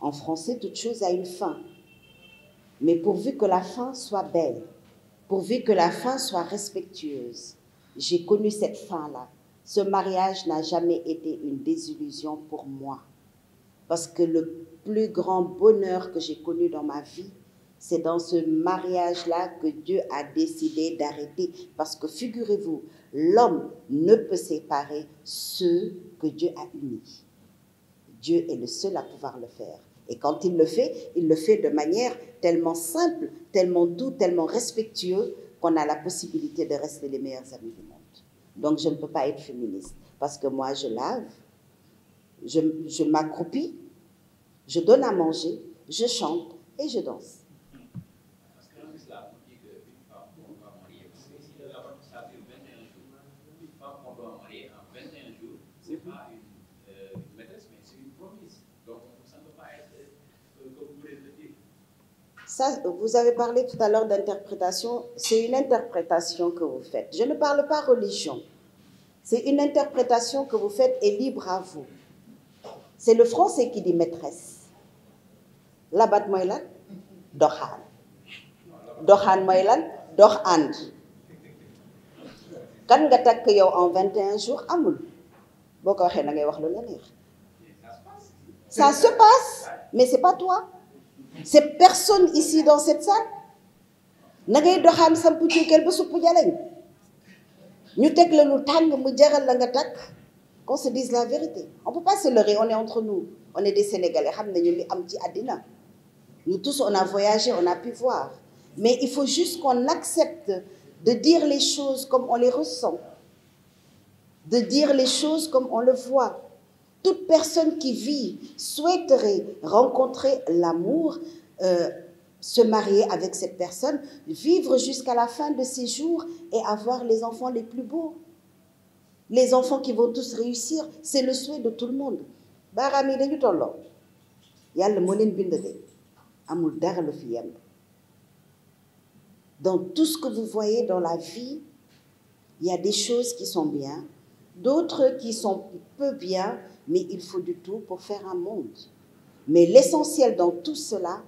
en français toute chose a une fin mais pourvu que la fin soit belle pourvu que la fin soit respectueuse j'ai connu cette fin-là ce mariage n'a jamais été une désillusion pour moi parce que le plus grand bonheur que j'ai connu dans ma vie C'est dans ce mariage-là que Dieu a décidé d'arrêter. Parce que figurez-vous, l'homme ne peut séparer ceux que Dieu a unis. Dieu est le seul à pouvoir le faire. Et quand il le fait, il le fait de manière tellement simple, tellement doux, tellement respectueux qu'on a la possibilité de rester les meilleurs amis du monde. Donc je ne peux pas être féministe parce que moi je lave, je, je je donne à manger, je chante et je danse. Ça, vous avez parlé tout à l'heure d'interprétation. C'est une interprétation que vous faites. Je ne parle pas religion. C'est une interprétation que vous faites et libre à vous. C'est le français qui dit maîtresse. Labat mooy lan doxaan doxaan mooy lan dox ànd nga takk yow en 21 jours amul boo ko waxee na ngay wax lu la neex ça se passe mais c'est pas toi c'est personne ici dans cette salle na ngay doxaan samp cuukeel ba suppu jalañ ñu teg la lu tàng mu jaral la nga takk qu'on se dise la vérité on peut pas se leurrer on est entre nous on est des sénégalais xam nañu li am ci àddina nous tous on a voyagé on a pu mais il faut juste qu'on accepte de dire les choses comme on les ressent de dire les choses comme on le voit Toute personne qui vit souhaiterait rencontrer l'amour, euh, se marier avec cette personne, vivre jusqu'à la fin de ses jours et avoir les enfants les plus beaux. Les enfants qui vont tous réussir, c'est le souhait de tout le monde. baaraam yi dañu tolloo yàlla moo leen bind de amul dara lu fi yem dans tout ce que vous voyez dans la vie il y a des choses qui sont bien d'autres qui sont peu bien mais il faut du tout pour faire un monde. Mais l'essentiel dans tout cela,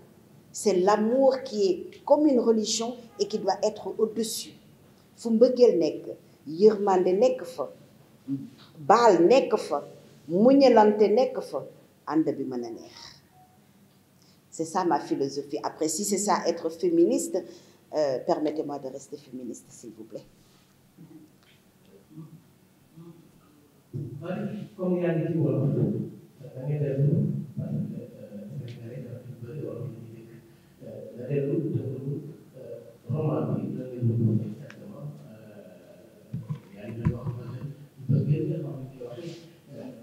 c'est l'amour qui est comme une religion et qui doit être au-dessus fu mbëggeel nekk yërmande nekk fa baal nekk fa muñalante nekk fa ànd bi mën a neex c'est ça ma philosophie après si c'est ça être féministe euh, permettez-moi de rester féministe s'il vous plaît man comme yaa ngi ci wolof da ngay dellu parce que Sénégalais dafa bëri wolof yi ñu dégg nga dellu déglu roman bi lan nga dund exactement yaa ngi doon wax ba ngeen nga xam ne waxee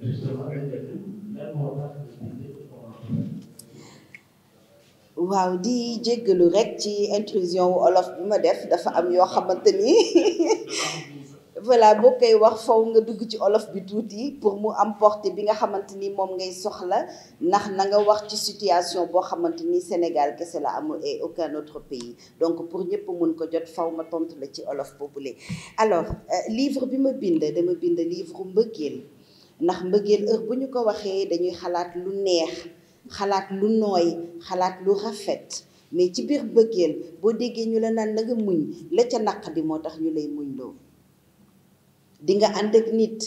justement nga dellu lan moo tax waaw di jéggalu rek ci intrusion wu olof bi ma def dafa am yoo xamante ni voilà boo koy wax faw nga dugg ci olof bi tuuti pour mu am porté bi nga xamante ni moom ngay soxla ndax na nga wax ci situation boo xamante ni Sénégal kese la am et aucun autre pays donc pour ñëpp mun ko jot faw ma tontu la ci olof boobule. alors euh, livre bi ma bind dama bind livre mbëggeel ndax mbëggeel heure bu ñu ko waxee dañuy xalaat lu neex xalaat lu nooy xalaat lu rafet. mais ci biir bëggeel boo déggee ñu la naan na nga muñ la ca naq di moo tax ñu lay muñ loo dinga nga ànd ak nit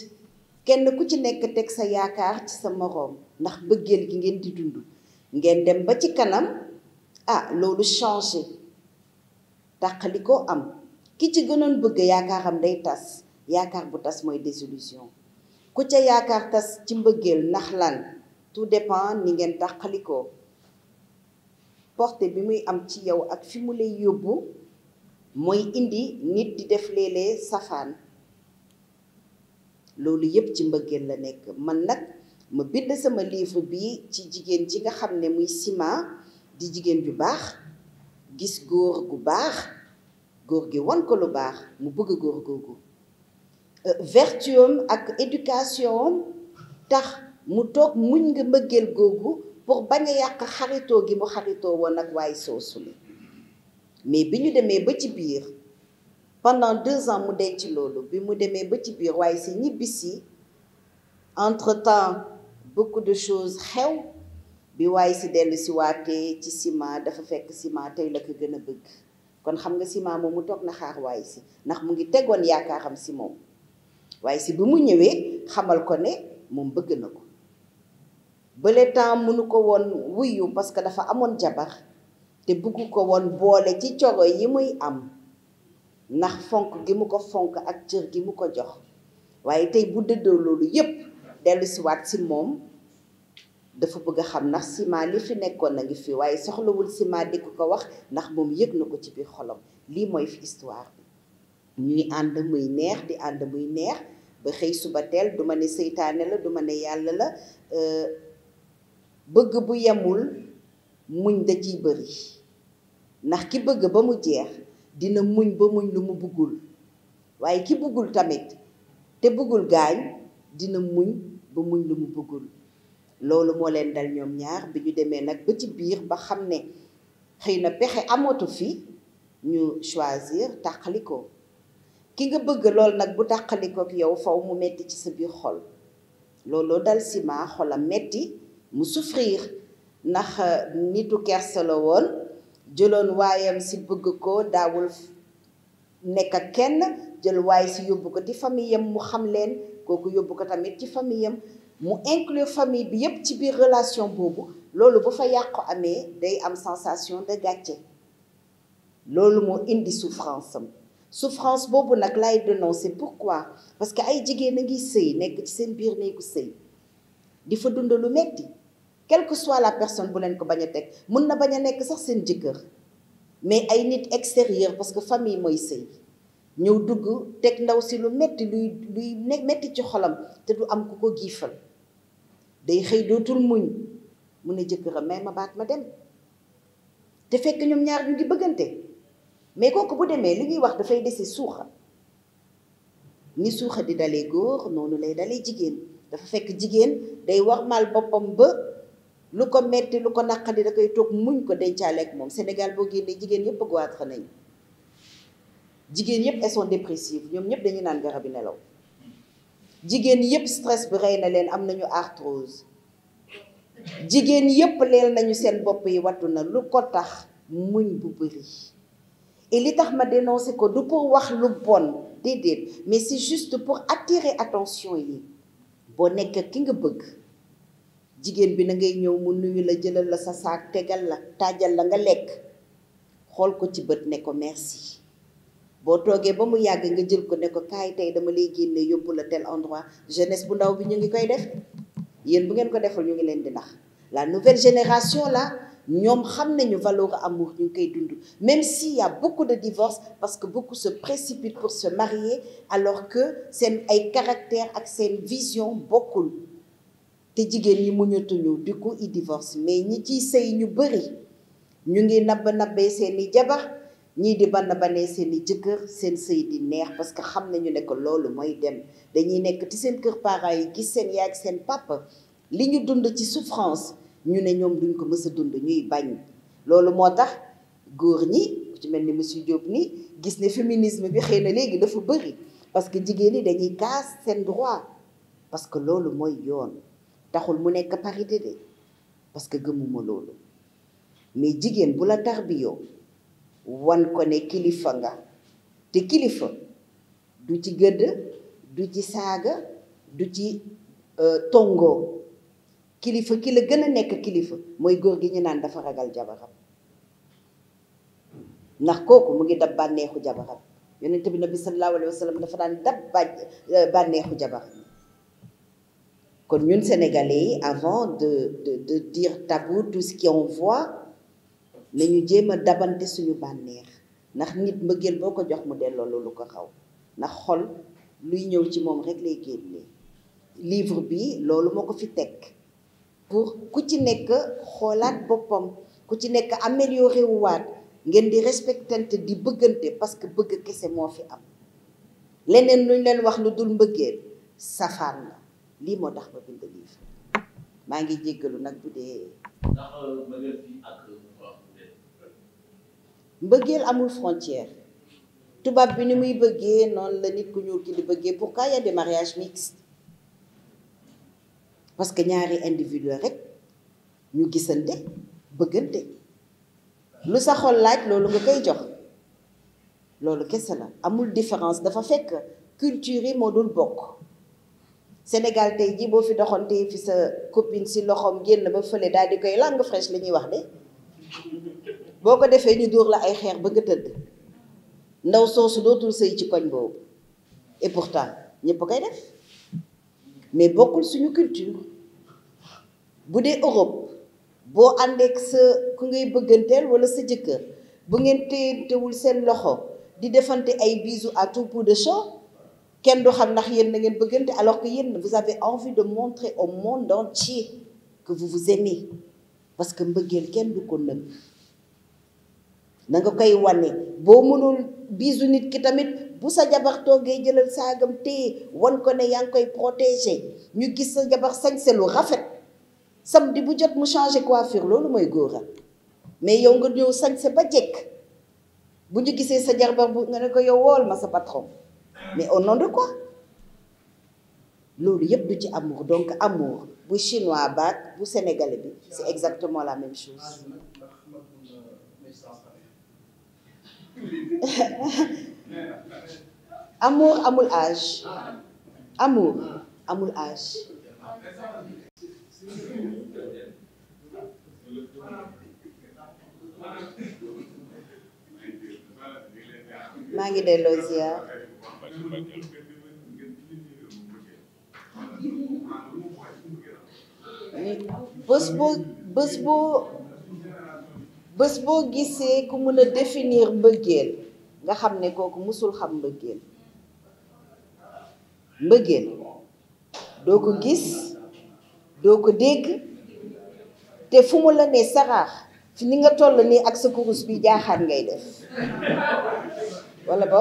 kenn ku ci nekk teg sa yaakaar ci sa moroom ndax bëggeel gi ngeen di dund ngeen dem ba ci kanam ah loolu changé tàqali koo am ki ci gënoon bëgg yaakaaram day tas yaakaar bu tas mooy désillusion ku ca yaakaar tas ci mbëggeel ndax lan tout dépend ni ngeen tàqali porté bi muy am ci yow ak fi mu lay yóbbu mooy indi nit di def léeg-léeg safaan loolu yëpp ci mbëggeel la nekk man nag ma bind sama livre bi ci jigéen ci nga xam ne muy Sima di jigéen ju baax gis góor gu baax góor gi wan ko lu baax mu bëgg góor googu euh, vertuam ak éducation tax mu toog muñ nga mbëggeel googu pour bañ a yàq xaritoo gi mu xaritoo woon ak waaye soosu li mais bi ñu demee ba ci biir pendant deux ans mu denc loolu bi mu demee ba ci biir waaye si ñibbisi entre-temps beaucoup de choses xew bi waaye si dellu si waatee ci ciment dafa fekk ciment tey la ko gën a bëgg kon xam nga ciment moom mu toog na xaar waaye si ndax mu ngi tegoon yaakaaram si moom waaye si bi mu ñëwee xamal ko ne moom bëgg na ko bële temps mënu ko woon wuyu parce que dafa amoon jabar te bëgg ko woon boole ci coro yi muy am ndax fonk gi mu ko fonk ak cër gi mu ko jox waaye tey bu dëddoo loolu yépp dellusiwaat si moom dafa bëgg a xam ndax ciment li fi nekkoon na ngi fi waaye soxlawul ciment di ko ko wax ndax moom yëg na ko ci biir xolam lii mooy fi histoire bi ñuy ànd muy neex di ànd muy neex ba xëy suba teel duma ne seytaane la duma ne yàlla la euh, bëgg bu yemul muñ da ciy bëri ndax ki bëgg ba mu jeex dina muñ ba muñ lu mu buggul waaye ki buggul tamit te buggul gaañ dina muñ ba muñ lu mu buggul loolu moo leen dal ñoom ñaar bi ñu demee nag ba ci biir ba xam ne xëy na pexe amatu fi ñu choisir tàqalikoo ki nga bëgg lool nag bu tàqalikook yow faw mu metti ci sa biir xol looloo dal Sima xolam metti mu souffrir ndax euh, nitu kersa la woon jëloon waayam si bëgg ko daawul nekk kenn jël waay si yóbbu ko di famille am mu xam leen kooku yóbbu ko tamit ci famille am mu inclu famille bi yépp ci biir relation boobu loolu bu fa yàqu amee day am sensation de gàcce loolu moo indi souffrance am souffrance boobu nag lay dénoncer pourquoi parce que ay jigéen a ngi sëy nekk ci seen biir néegu sëy di fa dund lu metti quelle que soit la personne bu leen ko bañ a teg mun na bañ a nekk sax seen jëkkër mais ay nit extérieur parce que famille mooy sëy ñëw dugg teg ndaw si lu metti luy luy metti ci xolam te du am ku ko giifal day xëy dootul muñ mu ne jëkkëram may ma baat ma dem te fekk ñoom ñaar ñu ngi bëggante mais kooku bu demee li ñuy wax dafay dese suuxa ni suuxa di dalee góor noonu lay dalee jigéen dafa fekk jigéen day war mal boppam ba lu ko metti lu ko naqadi da koy toog muñ ko dencaale ak moom Sénégal boo génnee jigéen yëpp goitre nañ jigéen yëpp elles sont dépressives ñoom ñëpp dañu naan garabi nelaw jigéen yëpp stress bi rey na leen am nañu arthrose jigéen yëpp leel nañu seen bopp yi wattu na lu ko tax muñ bu bëri et li tax ma dénoncé ko du pour wax lu bon déedéet mais c'est juste pour attirer attention yi boo nekk ki nga bëgg jigéen bi na ngay ñëw mu nuyu la jëlal la sa saak tegal la taajal la nga lekk xool ko ci bët ne ko merci boo toogee ba mu yàgg nga jël ko ne ko kaay tey dama lay génne yóbbu la tel endroit jeunesse bu ndaw bi ñu ngi koy def yéen bu ngeen ko defal ñu ngi leen di nax la nouvelle génération la ñoom xam nañu valeur amour ñu ngi koy dund même si y a beaucoup de divorces parce que beaucoup se précipitent pour se marier alors que seen ay caractère ak seen vision bokkul te jigéen ñi muñatuñu du coup i divorce mais ñi ciy sëy ñu bëri ñu ngi nabb nabbee seeni jabar ñii di bann banee seeni jëkkër seen sëy di neex parce que xam nañu ne que loolu mooy dem dañuy nekk ci seen kër parents yi gis seen yaay seen papa li ñu dund ci souffrance ñu ne ñoom duñ ko mës a dund ñuy bañ loolu moo tax góor ñi ku ci mel ni monsieur Diop ni gis ne féminisme bi xëy na léegi dafa bëri parce que jigéen ñi dañuy kaas seen droit parce que loolu mooy yoon taxul mu nekk parité de parce que gëmuma loolu mais jigéen bu la tarbiyoo wan ko ne kilifa nga te kilifa du ci gëdd du ci saaga du ci euh, tongoo kilifa ki la gën a nekk kilifa mooy góor gi ñu naan dafa ragal jabaram ndax kooku mu ngi dab bànneexu jabaram yonent bi nabi sallallahu alayhi wa sallam dafa daan dab euh, bànneexu jabaram kon ñun sénégalais yi avant de de de dire tabou tout ce qui on voit nañu jéem a dabante suñu bànneex ndax nit mbëggeel boo ko jox mu delloo loolu ko xaw ndax xol luy ñëw ci moom rek lay génnee livre bi loolu moo ko fi teg pour ku ci nekk xoolaat boppam ku ci nekk amélioré wuwaat ngeen di respectante di bëggante parce que bëgg kese moo fi am leneen luñ leen wax lu dul mbëggeel safaan la lii moo tax ma bind livre maa ngi jéggalu nag bu dee. Euh, mbëggeel amul frontière tubaab bi ni muy bëggee noon la nit ku ñuul ki di bëggee pourquoi y a des mariages mixtes parce que ñaari individu rek ñu gisante bëggante lu sa xol laaj loolu nga koy jox loolu kese la amul différence dafa fekk culture yi moo dul bokk. Sénégal tey jii boo fi doxantee fi sa copine si loxoom génn ba fële daal di koy langue fraîche la ñuy wax de boo ko defee ñu dóor la ay xeer ba nga tëdd ndaw soosu dootul sëy ci koñ boobu ñëpp koy bokkul suñu culture bu dee Europe boo àndee sa ku ngay bëgganteel wala sa jëkkër bu ngeen téyantewul seen loxo di defante ay bisous à tout de champ kenn du xam ndax yéen na ngeen bëggante alors que yéen vous avez envie de montrer au monde entier que vous vous aimez parce que mbëggeel kenn du ko nëbb na nga koy wane boo mënul bisu nit ki tamit bu sa jabar toogee jëlal saagam téye wan ko ne yaa ngi koy protéger ñu gis sa jabar sañse lu rafet di bu jot mu changer coiffure loolu mooy góor a mais yow nga ñëw sañse ba jekk bu ñu gisee sa jabar bu nga ne ko yow wool ma sa patron mais au nom de quoi loolu yëpp du ci amour donc amour bu chinois baat bu sénégalais bi c'est exactement la même chose amour amul âge amour amul âge maa ngi delloo ziar bës boo bës boo bés boo gisee ku mën a définir mbëggeel nga xam ne kooku musul xam mbëggeel mbëggeel doo ko gis doo ko dégg te fu mu la ne saraax fi ni nga toll nii ak sa kurus bi jaaxaan ngay def wala ba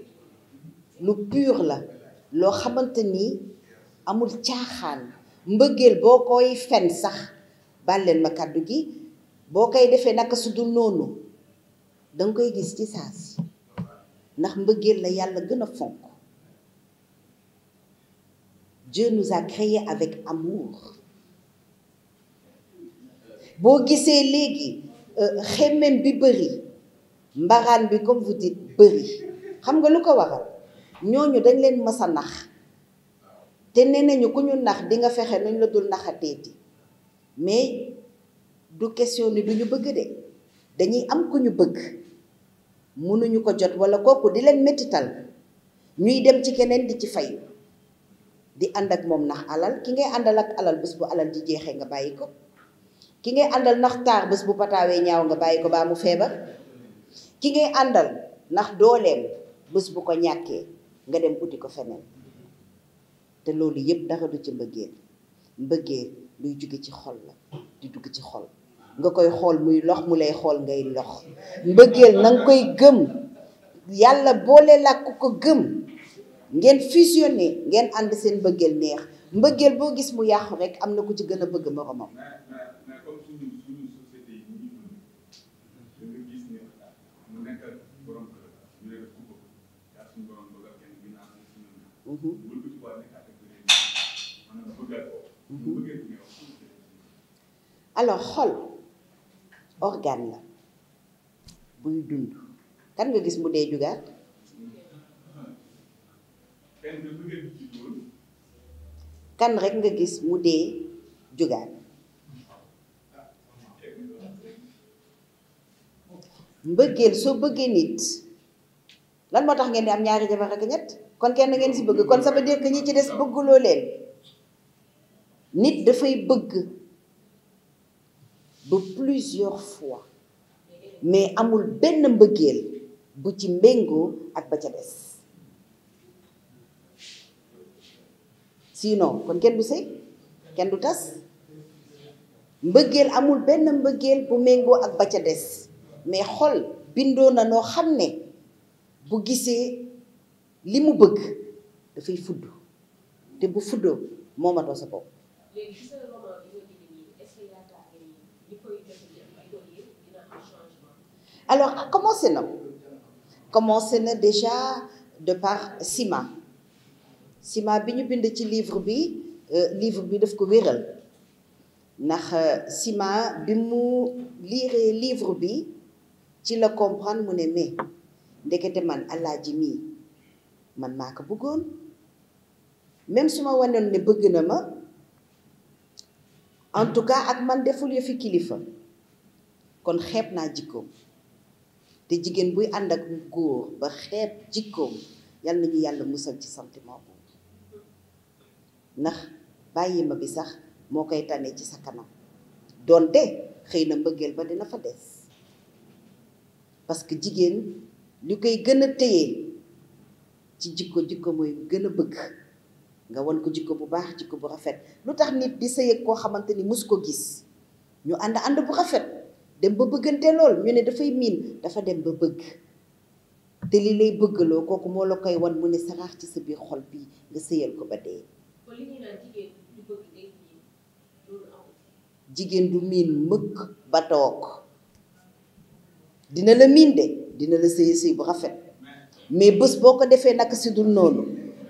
lu pur la loo xamante ni amul caaxaan mbëggeel boo koy fen sax bàlleen ma kàddu gi boo koy defee naka su dul noonu danga koy gis ci saa si ndax mbëggeel la yàlla gën a fonk Dieu nous a créés avec amour boo gisee léegi euh, xemmem bi bëri mbaraan bi comme vous dites xam nga lu ko waral ñooñu dañ leen masa nax te nee nañu ku ñu nax di nga fexe nañ la dul naxateeti mais du question ni du ñu bëgg de dañuy am ku ñu bëgg mënuñu ko jot wala kooku di leen métital ñuy dem ci keneen di ci fay di ànd ak moom ndax alal ki ngay àndal ak alal bés bu alal di jeexee nga bàyyi ko ki ngay àndal ndax taax bés bu pataawee ñaaw nga bàyyi ko baa mu feebar ki ngay àndal ndax dooleem bés bu ko ñàkkee nga dem uti ko feneen te loolu yépp dara du ci mbëggeel mbëggeel luy jóge ci xol la di dugg ci xol nga koy xool muy lox mu lay xool ngay lox mbëggeel na nga koy gëm yàlla boole la ku ko gëm ngeen fusionné ngeen ànd seen mbëggeel neex mbëggeel boo gis mu yàqu rek am na ku ci gën a bëgg moromam Mm-hmm. alors xol organe la buy dund kan nga gis mu dee jugaat kan rek nga gis mu dee jugaat mbëggeel soo bëggee nit lan moo tax ngeen di am ñaari jabar ak ñett kon kenn ngeen si bëgg kon ça veut dire ci des bëgguloo leen nit dafay bëgg ba plusieurs mais amul benn ci mbéngoo ak ba kenn du sëy kenn du tas mbëggeel amul benn mbëggeel bu méngoo ak ba ca des mais xol bindoo na noo xam ne bu gisee li mu bëgg dafay fudd te bu fuddoo moomatoo sa bopp. alors commencé na commencé na déjà de par sima sima bi ñu bind ci livre bi euh, livre bi daf ko wéral ndax euh, sima bi mu liiree livre bi ci la comprendre mu ne mais ndekete man alaaji mii man maa ko bëggoon même su ma wanoon ne bëgg na ma en tout cas ak man deful fi kilifa kon xeeb naa jikkoom te jigéen buy ànd ak góor ba xeeb jikkoom yal nañu yàlla musal ci sentiment boobu ndax bàyyi ma bi sax moo koy tane ci sa kanam doonte xëy na mbëggeel ba dina fa des parce que jigéen li koy gën a téye ci jikko jikko mooy gën a bëgg nga wan ko jikko bu baax jikko bu rafet lu tax nit di sëy koo xamante ni mus ko gis ñu ànd ànd bu rafet dem ba bëggante lool ñu ne dafay miin dafa dem ba bëgg te li lay bëggaloo kooku moo la koy wan mu ne saraax ci sa biir xol bii nga sëyal ko ba dee. jigéen du miin mëkk ba toog dina la miin de dina la sëy sëy bu rafet. mais bés boo ko defee naka si dul noonu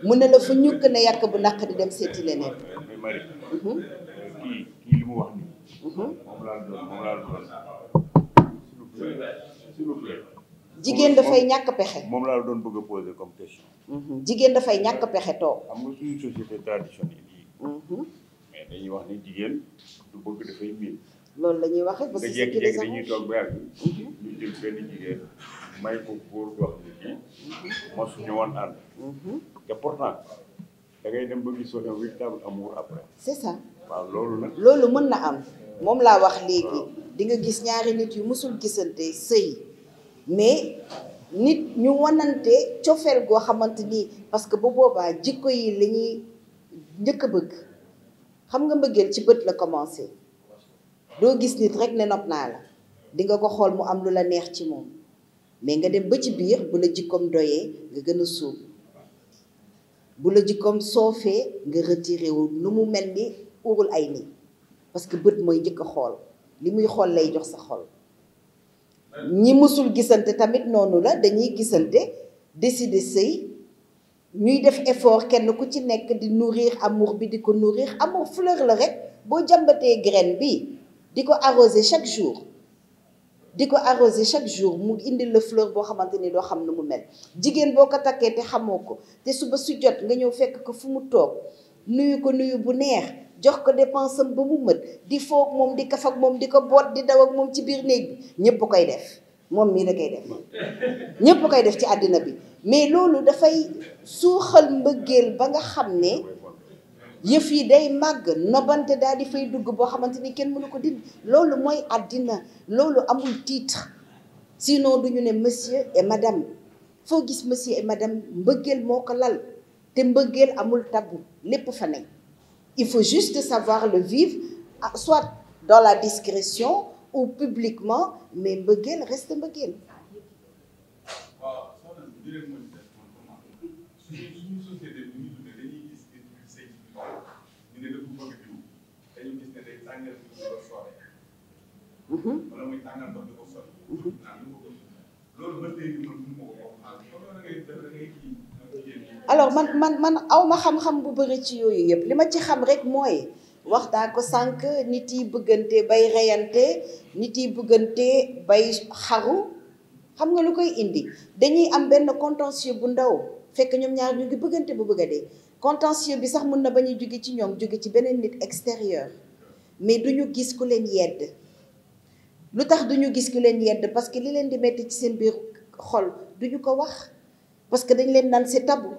mu ne la fu ñukk ne yàq bu naq di dem seeti leneen. mais Marie. Mhm. kii kii li mu wax nii. Mhm. jigéen dafay ñàkk pexe. moom laa doon bëgg a poser comme mhm. jigéen dafay ñàkk pexe toog. am nga suñu société yi. mais dañuy wax ni jigéen du bëgg dafay miin. loolu la ñuy waxee. parce que sa kii de sax dañuy toog may ko góor wax ni kii mosuñu woon ànd. Mhm. te pourtant da ngay dem ba gisoo un véritable amour après. c'est ça waaw loolu mën na am moom laa wax léegi di nga gis ñaari nit yu musul gisante sëy mais. nit ñu wanante cofeel goo xamante nii parce que bu boobaa jikko yi la ñuy njëkk a bëgg xam nga mbëggeel ci bët la commencé doo gis nit rek ne nopp naa la di nga ko xool mu am lu la neex ci moom mais nga dem ba ci biir bu la jikkoom doyee nga gën a suuf bu la jikkoom soofee nga retiré wu nu mu mel ni urul ay nii parce que bët mooy njëkk xool li muy xool lay jox sa xol ñi mësul gisante tamit noonu la dañuy gisante décider sëy ñuy def effort kenn ku ci nekk di nourrir amour bi di ko nourrir amour fleur la rek boo jàmbatee graine bi di ko arrosé chaque jour di ko arroser chaque jour mu indi la fleur boo xamante ni doo xam nu mu mel jigéen boo ko takkee te xamoo ko te suba su jot nga ñëw fekk ko fu mu toog nuyu ko nuyu bu neex jox ko dépense am ba mu mët di foog moom di kafak moom di ko boot di daw ak moom ci biir néeg bi ñëpp koy def moom mii da koy def ñëpp koy def ci àddina bi mais loolu dafay suuxal mbëggeel ba nga xam ne. yëf yi day màgg nobante daal di fay dugg boo xamante ni kenn mënu ko dindi loolu mooy àddina loolu amul titre sinon du ñu ne monsieur et madame foo gis monsieur et madame mbëggeel moo ko lal te mbëggeel amul tabu lépp fa nekk il faut juste savoir le vivre ah, soit dans la discrétion ou publiquement mais mbëggeel reste mbëggeel. tàngal man ma man man man aw ma xam-xam bu bëri ci yooyu yëpp li ma ci xam rek mooy waxtaan ko sànq nit yi bëggante bay reyante nit yi bëggante bay xaru xam nga lu koy indi dañuy am benn contentieux bu ndaw fekk ñoom ñaar ñu ngi bëggante bu bëgg a dee bi sax mun na bañ a jóge ci ñoom jóge ci beneen nit extérieur mais du ñu gis ku leen yedd lu tax du ñu gis ku leen yedd parce que li leen di metti ci seen biir xol du ñu ko wax parce que dañ leen naan si tabu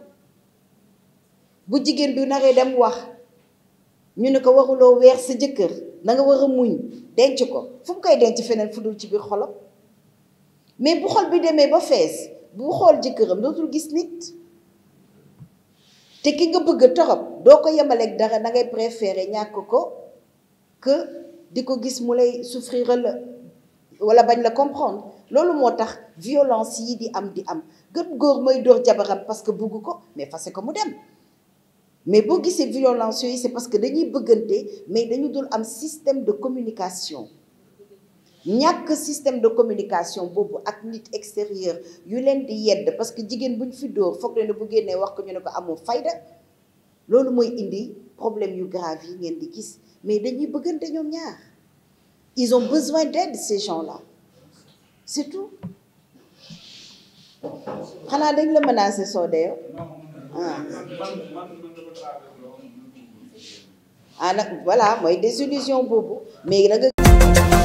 bu jigéen du naree dem wax ñu ne ko waruloo weer sa jëkkër nanga war a muñ denc ko fu mu koy denc feneen fu dul ci biir xolam mais bu xol bi demee ba fees bu xool jëkkëram dootul gis nit te ki nga bëgg torop doo ko yemaleek dara na ngay ñàkk ko que di ko gis mu lay souffrir la wala bañ la comprendre loolu moo tax violence yi di am di am gën góor mooy dóor jabaram parce que bugg ko mais fase ko mu dem mais boo gisee violence yooyu c'est parce que dañuy bëggante mais dañu dul am système de communication ñàkk système de communication boobu ak nit extérieur yu leen di yedd parce que jigéen bu ñu fi dóor foog ne bu génnee wax ko ñu ne ko amoo fayda loolu mooy indi problème yu grave yi ngeen di gis mais dañuy bëggante ñoom ñaar ils ont besoin d'aide ces gens-là c'est tout xanaa dañ la menacer soo dee ah ah nag voilà mooy désillusion boobu mais